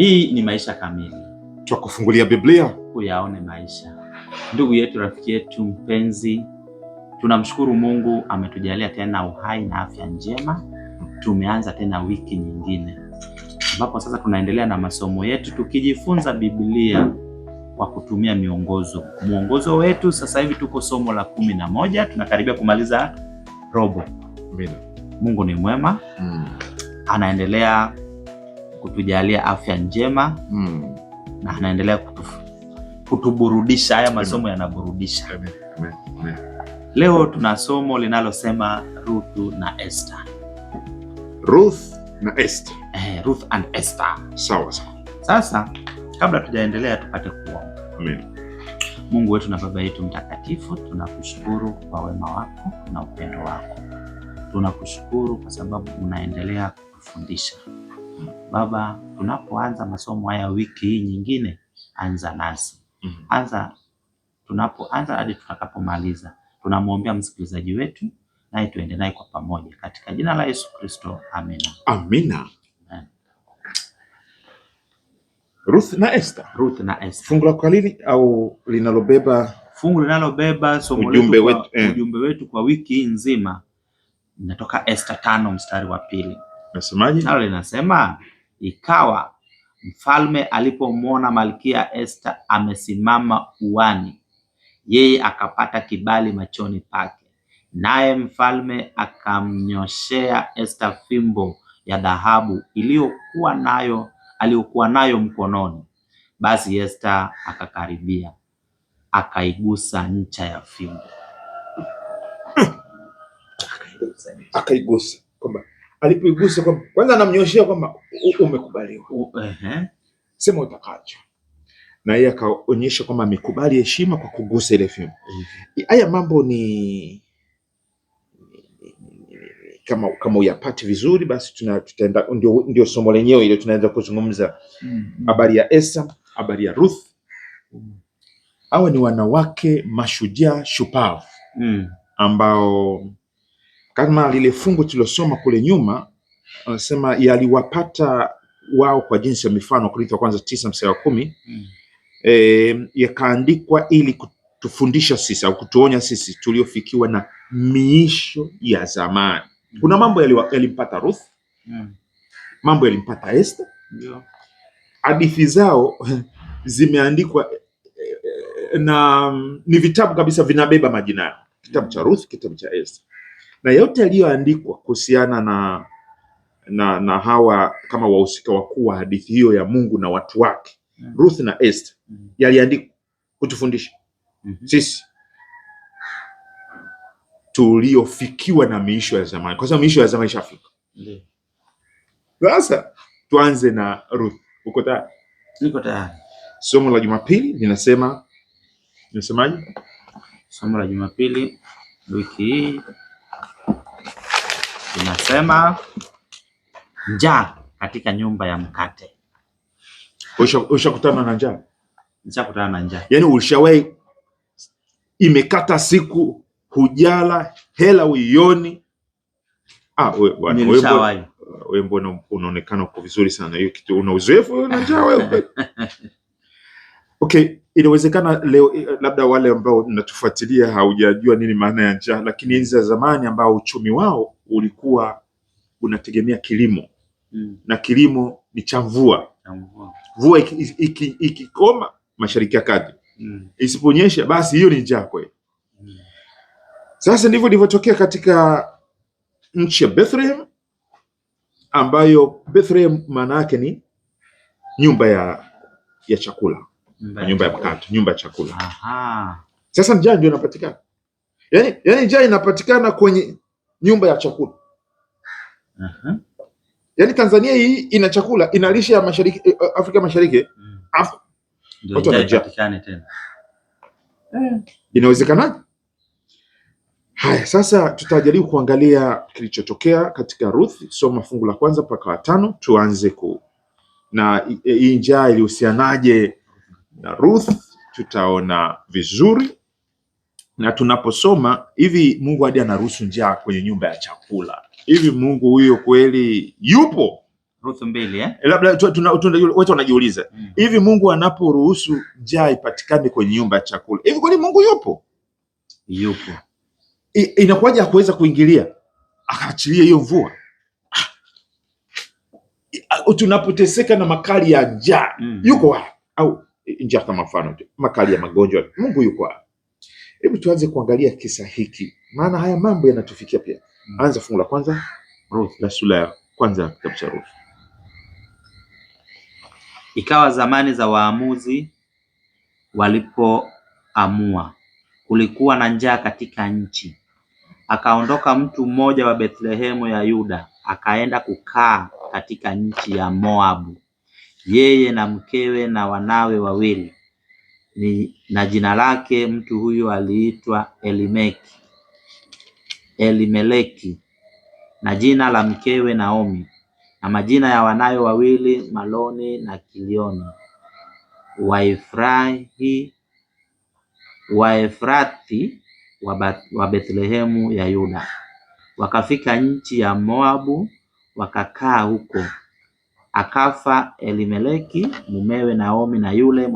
Hii ni Maisha Kamili, kufungulia Biblia uyaone maisha. Ndugu yetu, rafiki yetu mpenzi, tunamshukuru Mungu ametujalia tena uhai na afya njema. Tumeanza tena wiki nyingine ambapo sasa tunaendelea na masomo yetu tukijifunza Biblia kwa kutumia miongozo. Mwongozo wetu sasa hivi tuko somo la kumi na moja, tunakaribia kumaliza robo. Mungu ni mwema, hmm. anaendelea kutujalia afya njema mm. na anaendelea kutuburudisha. Haya masomo yanaburudisha. Leo tuna somo linalosema Ruthu na este Ruth na Esther. Eh, Ruth and este Sawa sawa. Sasa kabla tujaendelea tupate kuomba. Mungu wetu na Baba yetu mtakatifu, tunakushukuru kwa wema wako na upendo wako. Tunakushukuru kwa sababu unaendelea kutufundisha Baba, tunapoanza masomo haya wiki hii nyingine, anza nasi mm. Anza tunapoanza hadi tutakapomaliza. Tunamwombea msikilizaji wetu, naye tuende naye kwa pamoja, katika jina la Yesu Kristo, amina. Amina. Ruth na Esther. Ruth na Esther. Fungu la kalili au linalobeba fungu linalobeba somo ujumbe wetu, eh, ujumbe wetu kwa wiki nzima inatoka Esther tano mstari wa pili. Nasemaje? Nalo linasema ikawa mfalme alipomwona Malkia Esther amesimama uani, yeye akapata kibali machoni pake, naye mfalme akamnyoshea Esther fimbo ya dhahabu iliyokuwa nayo aliyokuwa nayo mkononi. Basi Esther akakaribia akaigusa ncha ya fimbo akaigusa alipoigusa kwa kwanza, anamnyoshia kwamba umekubaliwa, sema utakacho, na yeye akaonyesha kwamba amekubali heshima kwa kugusa ile fimbo. Haya mambo ni kama kama uyapati vizuri basi tuna, tutaenda ndio, ndio somo lenyewe ile tunaanza kuzungumza mm-hmm. habari mm, ya esa habari ya Ruth mm. Hawa ni wanawake mashujaa shupavu mm, ambao kama lile fungu tulilosoma kule nyuma, anasema yaliwapata wao kwa jinsi ya mifano, Korintho wa kwanza tisa mstari wa kumi mm. E, yakaandikwa ili kutufundisha sisi au kutuonya sisi tuliofikiwa na miisho ya zamani. Kuna mm. mambo yalimpata Ruth mm. mambo yalimpata Esther hadithi zao zimeandikwa e, e, na ni vitabu kabisa vinabeba majina yao, kitabu cha Ruth, kitabu cha Esther na yote yaliyoandikwa kuhusiana na, na na hawa kama wahusika wakuu wa hadithi hiyo ya Mungu na watu wake mm Ruth na Esther mm -hmm. yaliandikwa kutufundisha mm -hmm. sisi tuliofikiwa na miisho ya zamani, kwa sababu miisho ya zamani ishafika sasa. Tuanze na Ruth. Uko tayari? Niko tayari. Somo la Jumapili linasema, linasemaje? Somo la Jumapili wiki hii inasema njaa katika nyumba ya mkate. Ushakutana na njaa? Nishakutana na njaa. Yaani ulishawahi, imekata siku hujala, hela uioni? Ah, wewe mbona unaonekana uko vizuri sana, hiyo kitu una uzoefu na njaa wewe? Okay, inawezekana leo eh, labda wale ambao mnatufuatilia haujajua nini maana ya njaa, lakini enzi za zamani ambao uchumi wao ulikuwa unategemea kilimo mm. na kilimo ni cha mvua mvua, ikikoma iki, iki, Mashariki ya Kati mm. isiponyesha, basi hiyo ni njaa kweli mm. Sasa ndivyo ilivyotokea katika nchi ya Bethlehem, ambayo Bethlehem maana yake ni nyumba ya, ya chakula nyumba, nyumba ya mkato, nyumba ya chakula. Aha. Sasa njaa ndio inapatikana, yaani yaani njaa inapatikana kwenye nyumba ya chakula. Aha. Yaani Tanzania hii ina chakula ina lishe ya mashariki, eh, eh, Afrika Mashariki mm. Af watu tena eh. Inawezekanaje? Haya, sasa tutajaribu kuangalia kilichotokea katika Ruth. Soma fungu la kwanza mpaka tano, tuanze ku na hii njaa ilihusianaje na Ruth tutaona vizuri, na tunaposoma hivi, Mungu hadi anaruhusu njaa kwenye nyumba ya chakula. Hivi Mungu huyo kweli yupo? Ruth mbili eh, eh labda wote wanajiuliza mm. hivi, Mungu anaporuhusu njaa ipatikane kwenye nyumba ya chakula, hivi kweli Mungu yupo? Yupo. Inakuwaje hakuweza kuingilia akaachilia hiyo mvua? Ah. Tunapoteseka na makali ya njaa, mm-hmm. yuko wapi? Au njaa kama mfano makali ya magonjwa. Mungu yuko hapo. Hebu tuanze kuangalia kisa hiki, maana haya mambo yanatufikia pia. Hmm. Anza fungu la kwanza Ruth, la sura ya kwanza kitabu cha Ruth. Ikawa zamani za waamuzi walipoamua, kulikuwa na njaa katika nchi. Akaondoka mtu mmoja wa Bethlehemu ya Yuda, akaenda kukaa katika nchi ya Moabu yeye na mkewe na wanawe wawili ni, na jina lake mtu huyu aliitwa Elimeki, Elimeleki na jina la mkewe Naomi na majina ya wanawe wawili Maloni na Kilioni Waefrahi, Waefrathi wa Bethlehemu ya Yuda. Wakafika nchi ya Moabu wakakaa huko. Akafa Elimeleki mumewe Naomi, na yule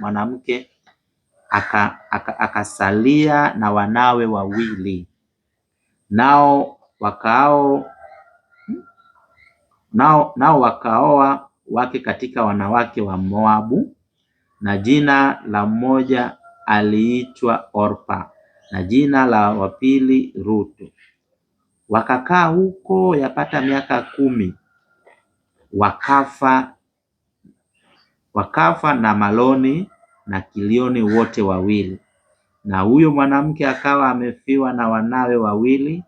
mwanamke akasalia aka, aka na wanawe wawili nao wakao nao, nao wakaoa wake katika wanawake wa Moabu, na jina la mmoja aliitwa Orpa na jina la wapili pili Rutu. Wakakaa huko yapata miaka kumi wakafa na Maloni na Kilioni wote wawili, na huyo mwanamke akawa amefiwa na wanawe wawili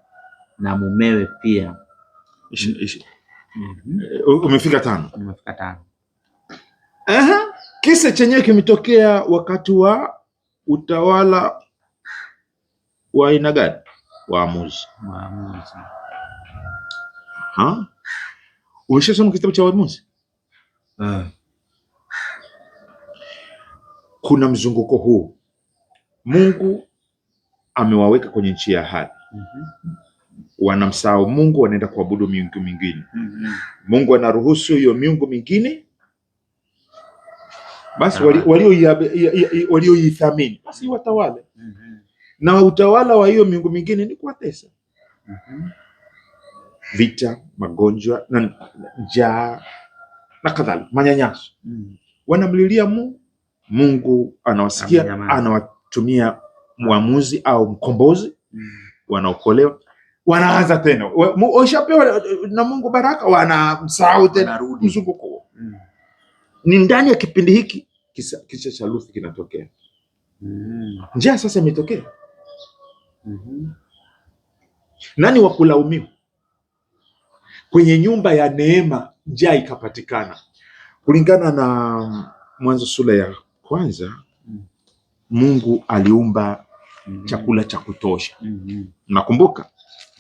na mumewe pia. mm -hmm. Umefika tano, umefika tano. Aha, kisa chenyewe kimetokea wakati wa utawala wa aina gani? Waamuzi, waamuzi. Ulishasoma kitabu cha Waamuzi? Ah. kuna mzunguko huu, Mungu amewaweka kwenye nchi ya ahadi mm -hmm. Wanamsahau Mungu, wanaenda kuabudu miungu mingine mm -hmm. Mungu anaruhusu hiyo miungu mingine basi ah. walioithamini basi watawale mm -hmm. Na utawala wa hiyo miungu mingine ni kuwatesa mm -hmm vita, magonjwa na njaa na kadhalika, manyanyaso mm. Wanamlilia Mungu, Mungu anawasikia, anawatumia mwamuzi au mkombozi mm. Wanaokolewa, wanaanza tena, washapewa na Mungu baraka, wanamsahau tena, mzunguko mm. Ni ndani ya kipindi hiki kisa, kisa cha Luthi kinatokea mm. Njaa sasa imetokea mm -hmm. Nani wa kulaumiwa? kwenye nyumba ya neema njaa ikapatikana, kulingana na Mwanzo sura ya kwanza. Mm-hmm. Mungu aliumba mm -hmm. chakula cha kutosha mm-hmm. nakumbuka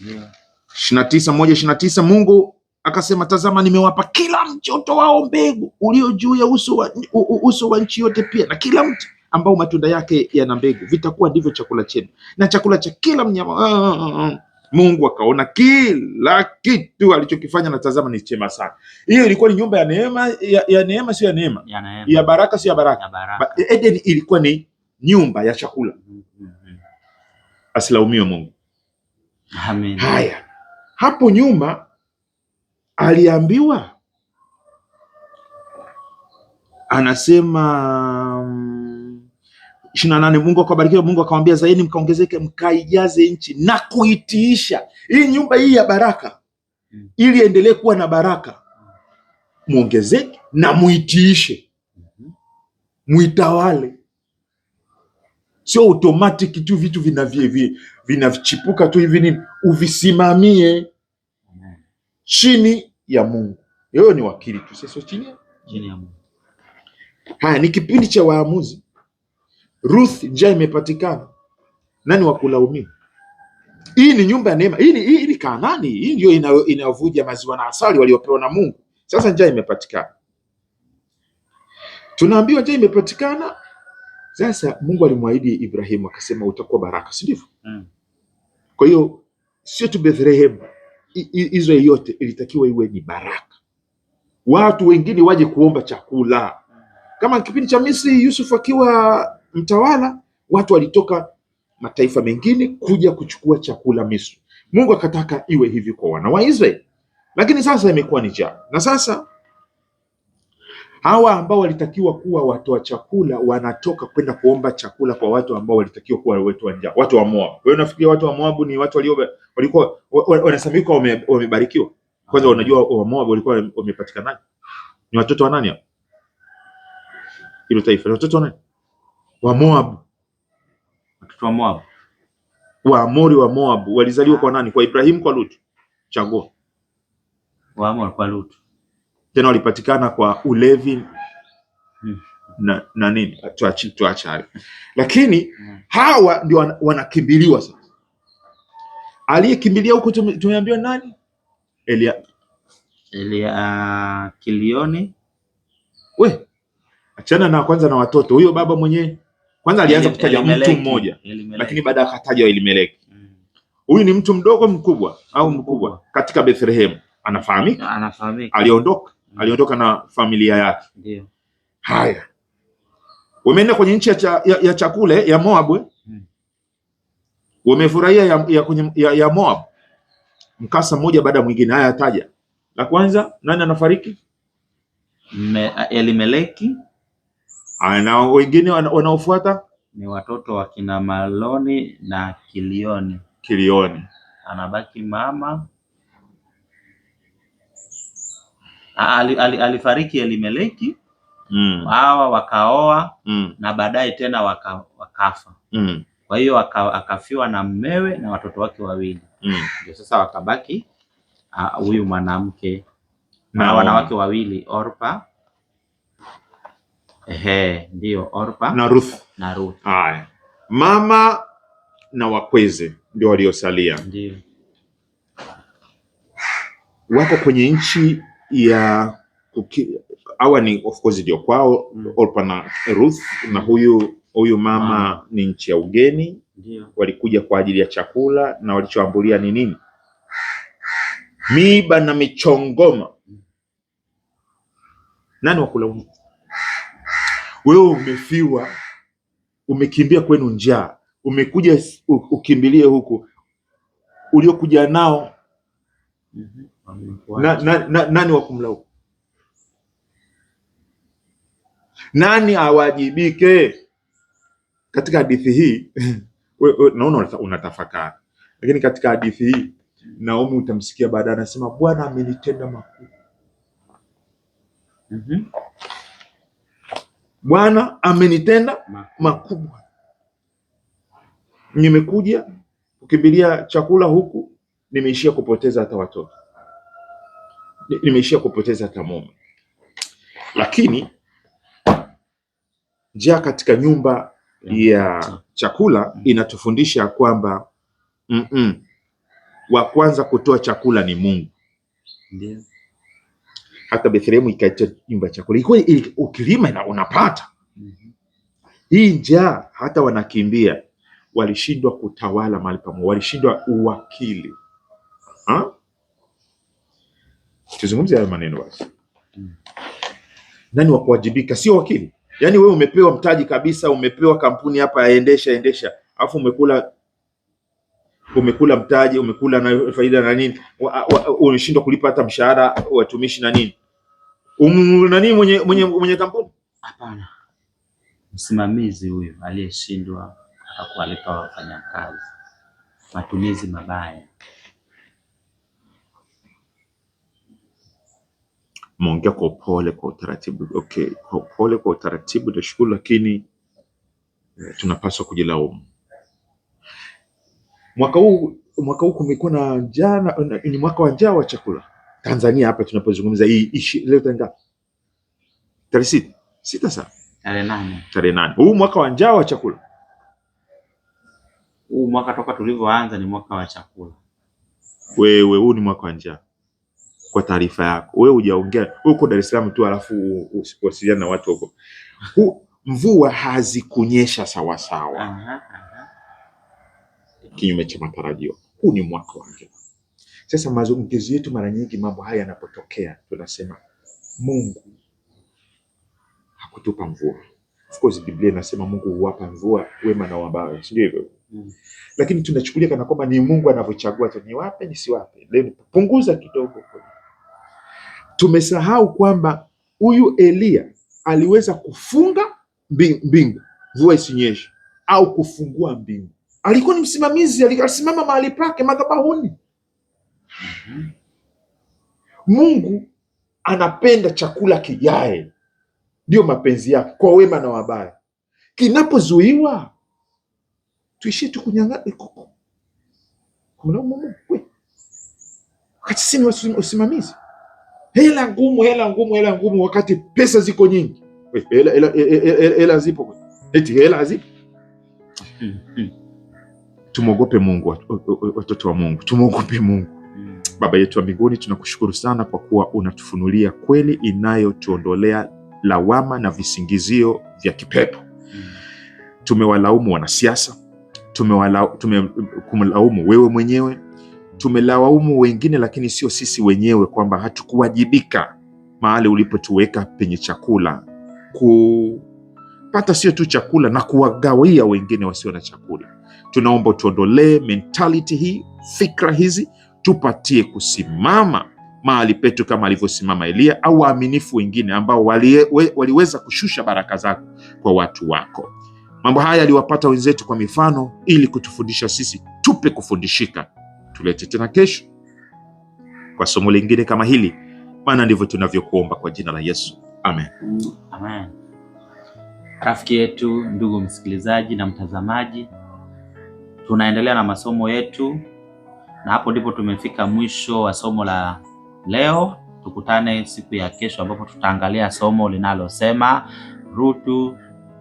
mm -hmm. yeah. ishirini na tisa moja ishirini tisa Mungu akasema, tazama, nimewapa kila mtoto wao mbegu ulio juu ya uso wa, uso wa nchi yote, pia na kila mti ambao matunda yake yana mbegu, vitakuwa ndivyo chakula chenu, na chakula cha kila mnyama Mungu akaona kila kitu alichokifanya, natazama ni chema sana. Hiyo ilikuwa ni nyumba ya neema, ya, neema sio ya neema, ya, baraka sio ya baraka, Eden ilikuwa ni nyumba ya chakula Asilaumiwe Mungu. Amen. Haya, hapo nyuma aliambiwa anasema ishirini na nane Mungu akawabarikia, Mungu akamwambia zaeni mkaongezeke, mkaijaze nchi na kuitiisha. Hii nyumba hii ya baraka, mm. ili endelee kuwa na baraka, muongezeke na muitiishe, muitawale. Mm-hmm. Sio automatic tu vitu vinachipuka tu hivi ni uvisimamie chini ya Mungu. Yeye ni wakili tu, sio chini ya Mungu. Haya, ni kipindi cha waamuzi Ruth njia imepatikana, nani wa kulaumiwa? Hii ni nyumba ya neema, hii ni hii ni Kanaani, hii ndio inayovuja maziwa na asali waliopewa na Mungu. Sasa njia imepatikana, tunaambiwa njia imepatikana. Sasa Mungu alimwahidi Ibrahimu akasema utakuwa baraka, si ndivyo? Mm. Kwa hiyo sio tu Bethlehem, Israeli yote ilitakiwa iwe ni baraka, watu wengine waje kuomba chakula, kama kipindi cha Misri, Yusufu akiwa mtawala, watu walitoka mataifa mengine kuja kuchukua chakula Misri. Mungu akataka iwe hivi kwa wana wa Israeli, lakini sasa imekuwa ni njaa, na sasa hawa ambao walitakiwa kuwa watoa wa chakula wanatoka kwenda kuomba chakula kwa watu ambao walitakiwa kuwa watu wa njaa, watu wa Moab. Wewe unafikiria watu wa Moab ni watu walio walikuwa wanasamikwa wamebarikiwa? Kwanza unajua wa Moab walikuwa wamepatikanaje? Ni watoto wa nani hapo, Hilo taifa ni watoto wa nani? wa Moab. Watoto wa Moab, Waamori wa Moab walizaliwa kwa nani? Kwa Ibrahimu, kwa Lutu? Chagua. Amori kwa Lutu. Tena walipatikana kwa ulevi hmm. na, na nini? tuachi hayo, lakini hawa ndio wanakimbiliwa sasa. Aliyekimbilia huko tumeambiwa nani? Elia Elia uh, Kilioni. We achana na kwanza na watoto, huyo baba mwenyewe kwanza alianza kutaja mtu mmoja, lakini baada akataja Elimelek mm. Huyu ni mtu mdogo mkubwa au mkubwa katika Bethlehem anafahamika, anafahamika. Aliondoka, mm. aliondoka na familia yake. Ndio. Haya, wameenda kwenye nchi ya, cha, ya, ya chakule ya Moabu, mm. wamefurahia ya, ya, ya, ya Moab Mkasa mmoja baada mwingine. Haya, ataja la kwanza, nani anafariki? Elimeleki na wengine wanaofuata ni watoto wa kina Maloni na Kilioni. Kilioni. Anabaki mama ali- ali- alifariki Elimeleki, Mm, hawa wakaoa mm, na baadaye tena waka, wakafa. mm, Kwa hiyo akafiwa na mmewe na watoto wake wawili, mm. sasa wakabaki huyu mwanamke na wanawake wawili Orpa Ehe, ndio Orpa na Ruth. Na Ruth. Haya. Mama na wakweze ndio waliosalia. Ndio. Wako kwenye nchi ya hawa ni of course ndio kwao mm. Orpa na Ruth na huyu huyu mama Ni nchi ya ugeni. Ndio. Walikuja kwa ajili ya chakula na walichoambulia ni nini? Miiba na michongoma. Mm. Nani wakulaumu? Wewe umefiwa, umekimbia kwenu njaa, umekuja ukimbilie huku uliokuja nao mm -hmm. na, na, na, nani wa kumlaumu? Nani awajibike katika hadithi hii? Naona unatafakari, lakini katika hadithi hii Naomi utamsikia baadaye anasema Bwana amenitenda makuu. mm -hmm. Bwana amenitenda makubwa. Nimekuja kukimbilia chakula huku nimeishia kupoteza hata watoto, nimeishia kupoteza hata mume. Lakini njia katika nyumba ya chakula inatufundisha kwamba mm -mm, wa kwanza kutoa chakula ni Mungu. Ndiyo hata Bethlehemu ikaitwa nyumba ya chakula. Ilikuwa ukilima unapata mhm. hii njaa, hata wanakimbia walishindwa kutawala mahali pamoja, walishindwa uwakili. Tuzungumzie haya maneno basi. Mhm. Nani wa kuwajibika? Sio wakili. Yaani wewe umepewa mtaji kabisa, umepewa kampuni hapa, yaendesha endesha, alafu umekula umekula mtaji, umekula na faida na nini, unashindwa kulipa hata mshahara watumishi na nini. Um, nani mwenye mwenye mwenye kampuni? Hapana. Msimamizi huyo aliyeshindwa akakualika wafanyakazi, matumizi mabaya. Mwongea kwa upole, kwa utaratibu. Okay, kwa upole, kwa utaratibu, nashukuru, lakini eh, tunapaswa kujilaumu. Mwaka huu mwaka huu kumekuwa na njaa, ni mwaka wa njaa wa chakula Tanzania hapa tunapozungumza hii leo tarehe ngapi? Tarehe sita sita sana, tarehe nane tarehe nane huu mwaka wa njaa wa chakula huu mwaka toka tulivyoanza ni mwaka wa chakula. Wewe huu ni mwaka wa njaa, kwa taarifa yako. Wewe hujaongea, uko Dar es Salaam tu, alafu usipowasiliana na watu huko. Mvua hazikunyesha sawasawa, kinyume cha matarajio. Huu ni mwaka wa njaa. Sasa mazungumzo yetu mara nyingi mambo haya yanapotokea, tunasema Mungu hakutupa mvua. Of course Biblia inasema Mungu huwapa mvua wema na wabaya, si ndio hivyo? Mm. Lakini tunachukulia kana kwamba ni Mungu anavyochagua tu niwape nisiwape, leo punguza kidogo. Tumesahau kwamba huyu elia aliweza kufunga mbingu mvua isinyeshe au kufungua mbingu. Alikuwa ni msimamizi, alisimama mahali pake madhabahuni. Mungu anapenda chakula kijae, ndiyo mapenzi yake kwa wema na wabaya. Kinapozuiwa tuishie tu kunyang'anya kumlaumu Mungu, wakati sini usimamizi, hela ngumu, hela ngumu, hela ngumu, wakati pesa ziko nyingi, hela hela hela zipo, eti hela zipo. Hmm, hmm. Tumwogope Mungu, watoto wa Mungu, tumwogope Mungu. Baba yetu wa mbinguni, tunakushukuru sana kwa kuwa unatufunulia kweli inayotuondolea lawama na visingizio vya kipepo. Mm. Tumewalaumu wanasiasa, tumekumlaumu wewe mwenyewe, tumelaumu wengine, lakini sio sisi wenyewe, kwamba hatukuwajibika mahali ulipotuweka penye chakula, kupata sio tu chakula na kuwagawia wengine wasio na chakula. Tunaomba utuondolee mentality hii, fikra hizi tupatie kusimama mahali petu kama alivyosimama Eliya au waaminifu wengine ambao waliweza kushusha baraka zako kwa watu wako. Mambo haya yaliwapata wenzetu kwa mifano, ili kutufundisha sisi. Tupe kufundishika, tulete tena kesho kwa somo lingine kama hili, maana ndivyo tunavyokuomba kwa jina la Yesu, amen. Amen. Rafiki yetu, ndugu msikilizaji na mtazamaji, tunaendelea na masomo yetu na hapo ndipo tumefika mwisho wa somo la leo. Tukutane siku ya kesho ambapo tutaangalia somo linalosema Ruth,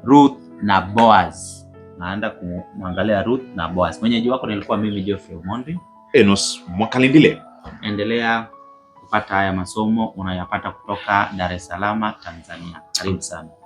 Ruth na Boaz. Naenda kumwangalia Ruth na Boaz. Mwenyeji wako nilikuwa mimi Geoffrey Omondi Enos Mwakalindile. Endelea kupata haya masomo unayapata kutoka Dar es Salaam, Tanzania. Karibu sana.